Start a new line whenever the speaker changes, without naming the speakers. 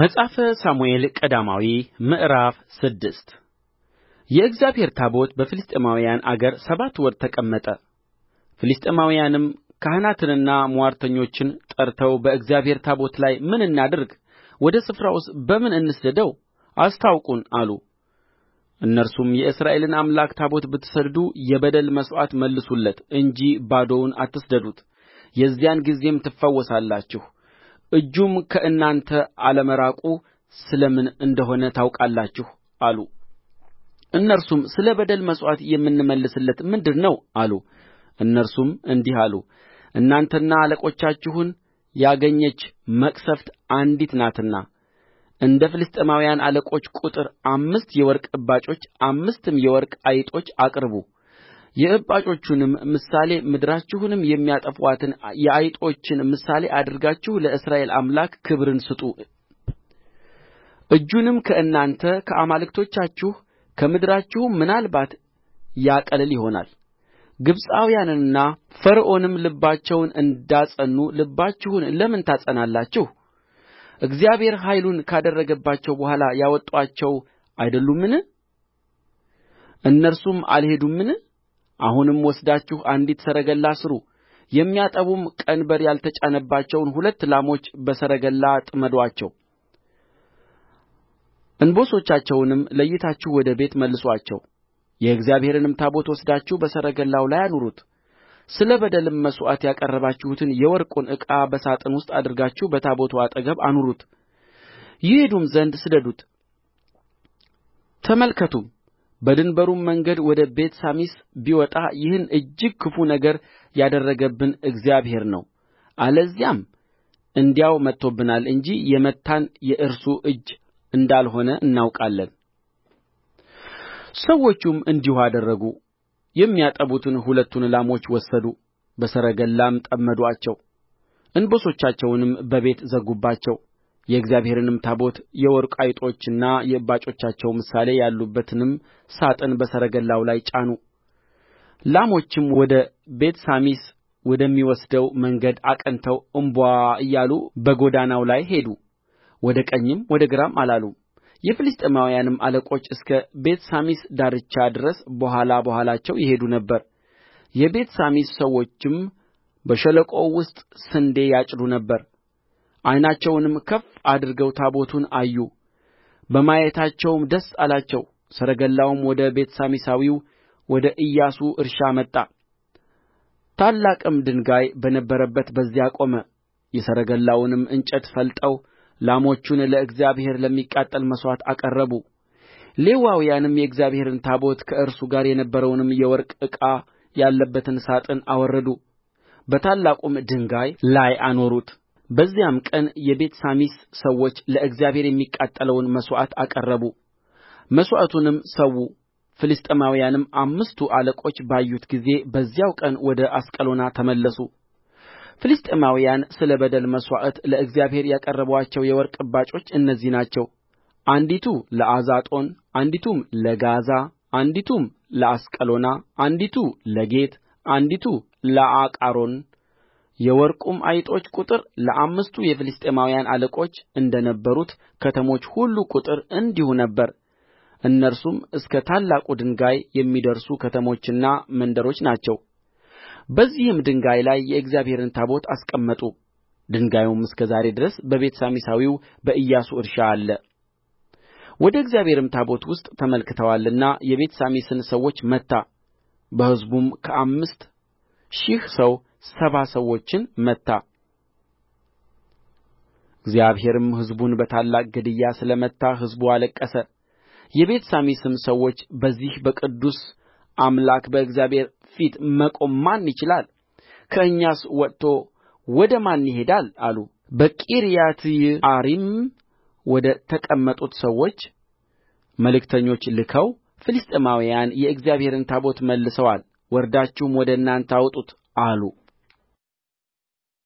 መጽሐፈ ሳሙኤል ቀዳማዊ ምዕራፍ ስድስት የእግዚአብሔር ታቦት በፍልስጥኤማውያን አገር ሰባት ወር ተቀመጠ። ፍልስጥኤማውያንም ካህናትንና ምዋርተኞችን ጠርተው በእግዚአብሔር ታቦት ላይ ምን እናድርግ? ወደ ስፍራውስ በምን እንስደደው? አስታውቁን አሉ። እነርሱም የእስራኤልን አምላክ ታቦት ብትሰድዱ የበደል መሥዋዕት መልሱለት እንጂ ባዶውን አትስደዱት፣ የዚያን ጊዜም ትፈወሳላችሁ እጁም ከእናንተ አለመራቁ ስለ ምን እንደ ሆነ ታውቃላችሁ አሉ እነርሱም ስለ በደል መሥዋዕት የምንመልስለት ምንድር ነው አሉ እነርሱም እንዲህ አሉ እናንተና አለቆቻችሁን ያገኘች መቅሠፍት አንዲት ናትና እንደ ፍልስጥኤማውያን አለቆች ቍጥር አምስት የወርቅ እባጮች አምስትም የወርቅ አይጦች አቅርቡ የእባጮቹንም ምሳሌ ምድራችሁንም የሚያጠፋአትን የአይጦችን ምሳሌ አድርጋችሁ ለእስራኤል አምላክ ክብርን ስጡ እጁንም ከእናንተ ከአማልክቶቻችሁ ከምድራችሁም ምናልባት ያቀልል ይሆናል ግብፃውያንና ፈርዖንም ልባቸውን እንዳጸኑ ልባችሁን ለምን ታጸናላችሁ እግዚአብሔር ኃይሉን ካደረገባቸው በኋላ ያወጧቸው አይደሉምን እነርሱም አልሄዱምን አሁንም ወስዳችሁ አንዲት ሰረገላ ሥሩ የሚያጠቡም ቀንበር ያልተጫነባቸውን ሁለት ላሞች በሰረገላ ጥመዷቸው። እንቦሶቻቸውንም ለይታችሁ ወደ ቤት መልሱአቸው የእግዚአብሔርንም ታቦት ወስዳችሁ በሰረገላው ላይ አኑሩት ስለ በደልም መሥዋዕት ያቀረባችሁትን የወርቁን ዕቃ በሣጥን ውስጥ አድርጋችሁ በታቦቱ አጠገብ አኑሩት ይሄዱም ዘንድ ስደዱት ተመልከቱም በድንበሩም መንገድ ወደ ቤትሳሚስ ቢወጣ ይህን እጅግ ክፉ ነገር ያደረገብን እግዚአብሔር ነው አለዚያም እንዲያው መጥቶብናል እንጂ የመታን የእርሱ እጅ እንዳልሆነ እናውቃለን ሰዎቹም እንዲሁ አደረጉ የሚያጠቡትን ሁለቱን ላሞች ወሰዱ በሰረገላም ጠመዱአቸው እንቦሶቻቸውንም በቤት ዘጉባቸው የእግዚአብሔርንም ታቦት የወርቁ አይጦችና የእባጮቻቸው ምሳሌ ያሉበትንም ሣጥን በሰረገላው ላይ ጫኑ ላሞችም ወደ ቤትሳሚስ ወደሚወስደው መንገድ አቅንተው እምቧ እያሉ በጎዳናው ላይ ሄዱ ወደ ቀኝም ወደ ግራም አላሉም የፍልስጥኤማውያንም አለቆች እስከ ቤትሳሚስ ዳርቻ ድረስ በኋላ በኋላቸው ይሄዱ ነበር የቤትሳሚስ ሰዎችም በሸለቆው ውስጥ ስንዴ ያጭዱ ነበር ዓይናቸውንም ከፍ አድርገው ታቦቱን አዩ በማየታቸውም ደስ አላቸው ሰረገላውም ወደ ቤትሳሚሳዊው ወደ ኢያሱ እርሻ መጣ ታላቅም ድንጋይ በነበረበት በዚያ ቆመ የሰረገላውንም እንጨት ፈልጠው ላሞቹን ለእግዚአብሔር ለሚቃጠል መሥዋዕት አቀረቡ ሌዋውያንም የእግዚአብሔርን ታቦት ከእርሱ ጋር የነበረውንም የወርቅ ዕቃ ያለበትን ሣጥን አወረዱ በታላቁም ድንጋይ ላይ አኖሩት በዚያም ቀን የቤትሳሚስ ሰዎች ለእግዚአብሔር የሚቃጠለውን መሥዋዕት አቀረቡ መሥዋዕቱንም ሠዉ ፍልስጥኤማውያንም አምስቱ አለቆች ባዩት ጊዜ በዚያው ቀን ወደ አስቀሎና ተመለሱ ፍልስጥኤማውያን ስለ በደል መሥዋዕት ለእግዚአብሔር ያቀረቡአቸው የወርቅ እባጮች እነዚህ ናቸው አንዲቱ ለአዛጦን አንዲቱም ለጋዛ አንዲቱም ለአስቀሎና አንዲቱ ለጌት አንዲቱ ለአቃሮን የወርቁም አይጦች ቍጥር ለአምስቱ የፍልስጥኤማውያን አለቆች እንደ ነበሩት ከተሞች ሁሉ ቍጥር እንዲሁ ነበረ እነርሱም እስከ ታላቁ ድንጋይ የሚደርሱ ከተሞችና መንደሮች ናቸው በዚህም ድንጋይ ላይ የእግዚአብሔርን ታቦት አስቀመጡ ድንጋዩም እስከ ዛሬ ድረስ በቤትሳሚሳዊው በኢያሱ እርሻ አለ ወደ እግዚአብሔርም ታቦት ውስጥ ተመልክተዋልና የቤትሳሚስን ሰዎች መታ በሕዝቡም ከአምስት ሺህ ሰው ሰባ ሰዎችን መታ እግዚአብሔርም ሕዝቡን በታላቅ ግድያ ስለ መታ ሕዝቡ አለቀሰ የቤትሳሚስም ሰዎች በዚህ በቅዱስ አምላክ በእግዚአብሔር ፊት መቆም ማን ይችላል ከእኛስ ወጥቶ ወደ ማን ይሄዳል አሉ በቂርያትይዓሪም ወደ ተቀመጡት ሰዎች መልእክተኞች ልከው ፍልስጥኤማውያን የእግዚአብሔርን ታቦት መልሰዋል ወርዳችሁም ወደ እናንተ አውጡት አሉ